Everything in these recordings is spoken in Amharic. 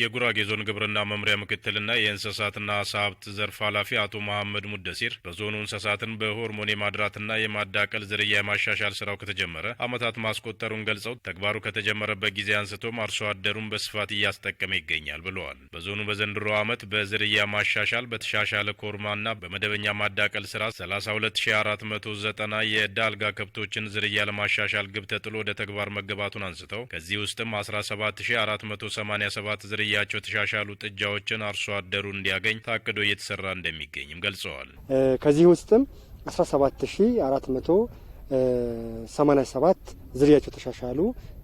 የጉራጌ ዞን ግብርና መምሪያ ምክትልና የእንስሳትና አሳ ሀብት ዘርፍ ኃላፊ አቶ መሐመድ ሙደሲር በዞኑ እንስሳትን በሆርሞን የማድራትና የማዳቀል ዝርያ የማሻሻል ስራው ከተጀመረ ዓመታት ማስቆጠሩን ገልጸው ተግባሩ ከተጀመረበት ጊዜ አንስቶም አርሶ አደሩን በስፋት እያስጠቀመ ይገኛል ብለዋል። በዞኑ በዘንድሮ ዓመት በዝርያ ማሻሻል በተሻሻለ ኮርማና በመደበኛ ማዳቀል ስራ 32490 የዳልጋ ከብቶችን ዝርያ ለማሻሻል ግብ ተጥሎ ወደ ተግባር መገባቱን አንስተው ከዚህ ውስጥም 17487 ዝርያቸው የተሻሻሉ ጥጃዎችን አርሶ አደሩ እንዲያገኝ ታቅዶ እየተሰራ እንደሚገኝም ገልጸዋል። ከዚህ ውስጥም 17487 ዝርያቸው የተሻሻሉ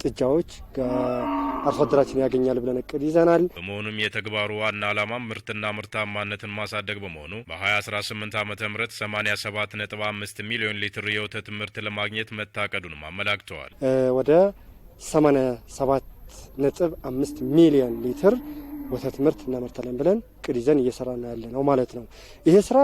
ጥጃዎች አርሶ አደራችን ያገኛል ብለን እቅድ ይዘናል። በመሆኑም የተግባሩ ዋና ዓላማ ምርትና ምርታማነትን ማሳደግ በመሆኑ በ2018 ዓ ም 87.5 ሚሊዮን ሊትር የወተት ምርት ለማግኘት መታቀዱንም አመላክተዋል። ወደ 87 ነጥብ አምስት ሚሊዮን ሊትር ወተት ምርት እናመርታለን ብለን እቅድ ይዘን እየሰራ ነው ያለ ነው ማለት ነው። ይሄ ስራ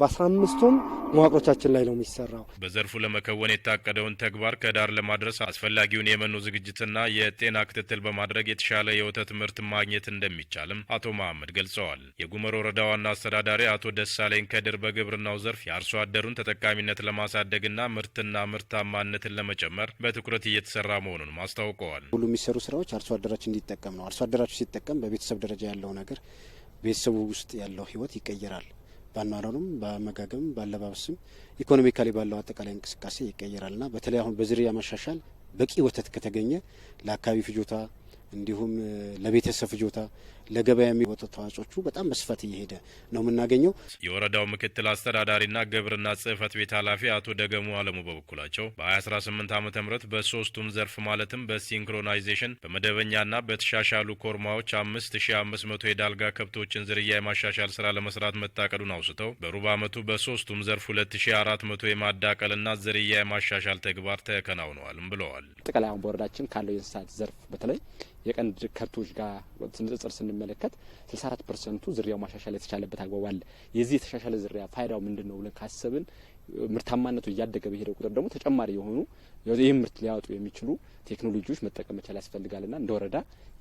በአስራ አምስቱም መዋቅሮቻችን ላይ ነው የሚሰራው። በዘርፉ ለመከወን የታቀደውን ተግባር ከዳር ለማድረስ አስፈላጊውን የመኖ ዝግጅትና የጤና ክትትል በማድረግ የተሻለ የወተት ምርት ማግኘት እንደሚቻልም አቶ መሀመድ ገልጸዋል። የጉመር ወረዳ ዋና አስተዳዳሪ አቶ ደሳለኝ ከድር በግብርናው ዘርፍ የአርሶ አደሩን ተጠቃሚነት ለማሳደግና ምርትና ምርታማነትን ለመጨመር በትኩረት እየተሰራ መሆኑንም አስታውቀዋል። ሁሉ የሚሰሩ ስራዎች አርሶ አደራችን እንዲጠቀም ነው። አርሶ አደራችን ሲጠቀም በቤተሰብ ደረጃ ያለው ነገር ቤተሰቡ ውስጥ ያለው ህይወት ይቀየራል። በአኗኗሩም፣ በአመጋገብም፣ በአለባበስም ኢኮኖሚካሊ ባለው አጠቃላይ እንቅስቃሴ ይቀየራል ና በተለይ አሁን በዝርያ መሻሻል በቂ ወተት ከተገኘ ለአካባቢ ፍጆታ እንዲሁም ለቤተሰብ ፍጆታ ለገበያ የሚወጡ ተዋጽኦቹ በጣም በስፋት እየሄደ ነው የምናገኘው። የወረዳው ምክትል አስተዳዳሪና ግብርና ጽህፈት ቤት ኃላፊ አቶ ደገሙ አለሙ በበኩላቸው በ2018 ዓ ም በሶስቱም ዘርፍ ማለትም በሲንክሮናይዜሽን በመደበኛና በተሻሻሉ ኮርማዎች 5500 የዳልጋ ከብቶችን ዝርያ የማሻሻል ስራ ለመስራት መታቀዱን አውስተው በሩብ ዓመቱ በሶስቱም ዘርፍ 2400 የማዳቀልና ዝርያ የማሻሻል ተግባር ተከናውነዋልም ብለዋል። ጠቅላይ አሁን በወረዳችን ካለው የእንስሳት ዘርፍ በተለይ የቀንድ ከብቶች ጋር ንጽጽር ስንመ ስንመለከት 64 ፐርሰንቱ ዝርያው ማሻሻል የተቻለበት አግባብ አለ። የዚህ የተሻሻለ ዝርያ ፋይዳው ምንድን ነው ብለን ካሰብን ምርታማነቱ እያደገ በሄደ ቁጥር ደግሞ ተጨማሪ የሆኑ ይህም ምርት ሊያወጡ የሚችሉ ቴክኖሎጂዎች መጠቀም መቻል ያስፈልጋልና እንደ ወረዳ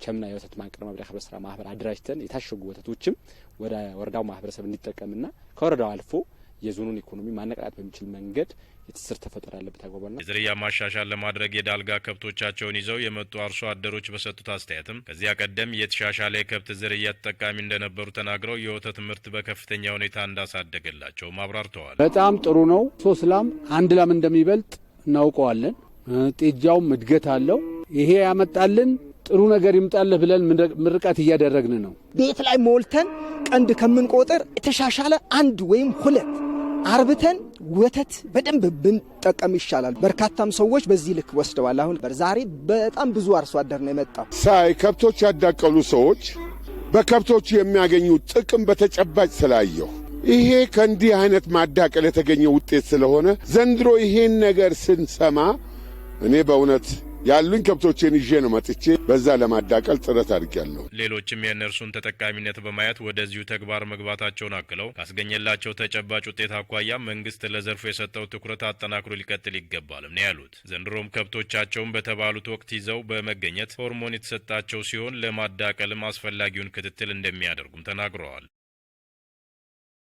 ቸምና የወተት ማቀነባበሪያ ማብሪያ ህብረት ስራ ማህበር አደራጅተን የታሸጉ ወተቶችም ወደ ወረዳው ማህበረሰብ እንዲጠቀምና ከወረዳው አልፎ የዞኑን ኢኮኖሚ ማነቃቃት በሚችል መንገድ የትስር ተፈጠር ያለበት ነው። የዝርያ ማሻሻል ለማድረግ የዳልጋ ከብቶቻቸውን ይዘው የመጡ አርሶ አደሮች በሰጡት አስተያየትም ከዚያ ቀደም የተሻሻለ የከብት ዝርያ ተጠቃሚ እንደነበሩ ተናግረው የወተት ምርት በከፍተኛ ሁኔታ እንዳሳደገላቸውም አብራርተዋል። በጣም ጥሩ ነው። ሶስት ላም አንድ ላም እንደሚበልጥ እናውቀዋለን። ጤጃውም እድገት አለው። ይሄ ያመጣልን ጥሩ ነገር ይምጣለህ ብለን ምርቃት እያደረግን ነው። ቤት ላይ ሞልተን ቀንድ ከምንቆጥር የተሻሻለ አንድ ወይም ሁለት አርብተን ወተት በደንብ ብንጠቀም ይሻላል። በርካታም ሰዎች በዚህ ልክ ወስደዋል። አሁን ዛሬ በጣም ብዙ አርሶ አደር ነው የመጣው። ሳይ ከብቶች ያዳቀሉ ሰዎች በከብቶቹ የሚያገኙ ጥቅም በተጨባጭ ስላየሁ ይሄ ከእንዲህ አይነት ማዳቀል የተገኘ ውጤት ስለሆነ ዘንድሮ ይሄን ነገር ስንሰማ እኔ በእውነት ያሉኝ ከብቶቼን ይዤ ነው መጥቼ በዛ ለማዳቀል ጥረት አድርጊያለሁ። ሌሎችም የእነርሱን ተጠቃሚነት በማየት ወደዚሁ ተግባር መግባታቸውን አክለው ካስገኘላቸው ተጨባጭ ውጤት አኳያ መንግስት ለዘርፉ የሰጠው ትኩረት አጠናክሮ ሊቀጥል ይገባልም ነው ያሉት። ዘንድሮም ከብቶቻቸውን በተባሉት ወቅት ይዘው በመገኘት ሆርሞን የተሰጣቸው ሲሆን ለማዳቀልም አስፈላጊውን ክትትል እንደሚያደርጉም ተናግረዋል።